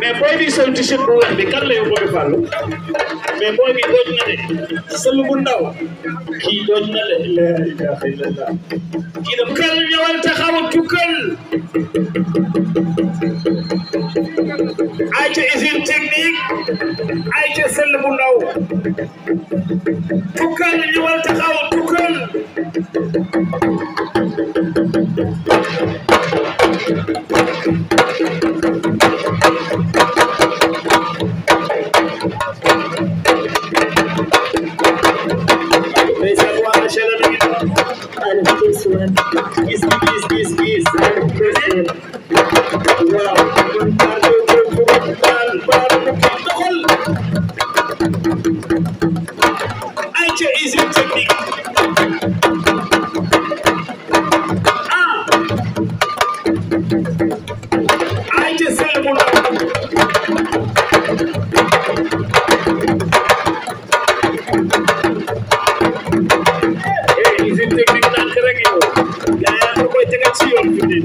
mais booy bi sol t-shirt bu weex bi kan la yow booy fàllu mais booy bi dooj na de sël bu ndaw kii dooj na de la ilaha illallah kii dem kër ñëwal taxaw tukkal ay ca usine technique ay ca sël bu ndaw tukkal ñëwal taxaw tukkal parçalara gidelim. Hani kes ulan. Gizli gizli gizli. Kes. Wow. lu tax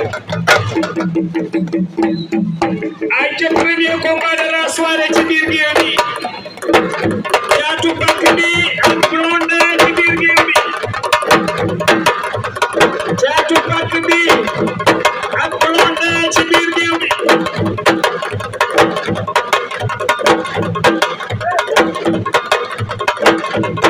ayca premier combat de la soirée ci biir géew bi Thiatou Bakny ak Blondin ci biir géew bi Thiatou Bakny ak Blondin ci biir géew bi